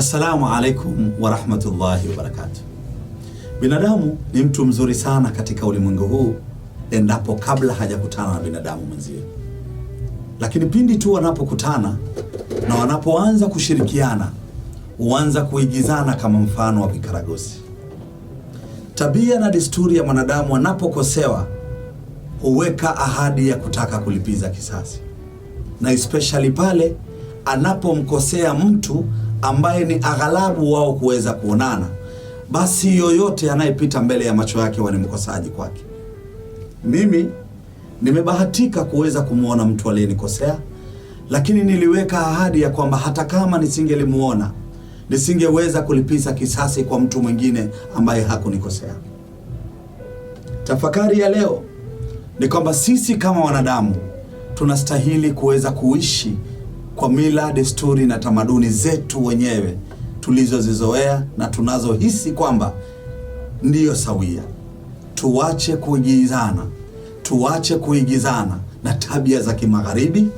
Assalamu alaikum warahmatullahi wabarakatuh. Binadamu ni mtu mzuri sana katika ulimwengu huu endapo kabla hajakutana na binadamu mwenzie, lakini pindi tu wanapokutana na wanapoanza kushirikiana huanza kuigizana kama mfano wa vikaragosi. Tabia na desturi ya mwanadamu, anapokosewa huweka ahadi ya kutaka kulipiza kisasi, na especially pale anapomkosea mtu ambaye ni aghalabu wao kuweza kuonana, basi yoyote anayepita mbele ya macho yake huwa ni mkosaji kwake. Mimi nimebahatika kuweza kumwona mtu aliyenikosea, lakini niliweka ahadi ya kwamba hata kama nisingelimuona nisingeweza kulipisa kisasi kwa mtu mwingine ambaye hakunikosea. Tafakari ya leo ni kwamba sisi kama wanadamu tunastahili kuweza kuishi kwa mila, desturi na tamaduni zetu wenyewe tulizozizoea na tunazohisi kwamba ndiyo sawia. Tuache kuigizana, tuache kuigizana na tabia za kimagharibi,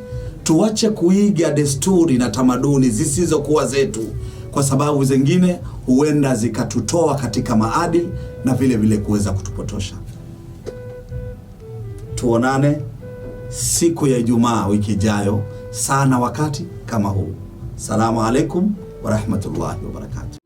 tuache kuiga desturi na tamaduni zisizokuwa zetu, kwa sababu zingine huenda zikatutoa katika maadili na vile vile kuweza kutupotosha. Tuonane siku ya Ijumaa wiki ijayo sana wakati kama huu. Salamu alaikum warahmatullahi wabarakatuh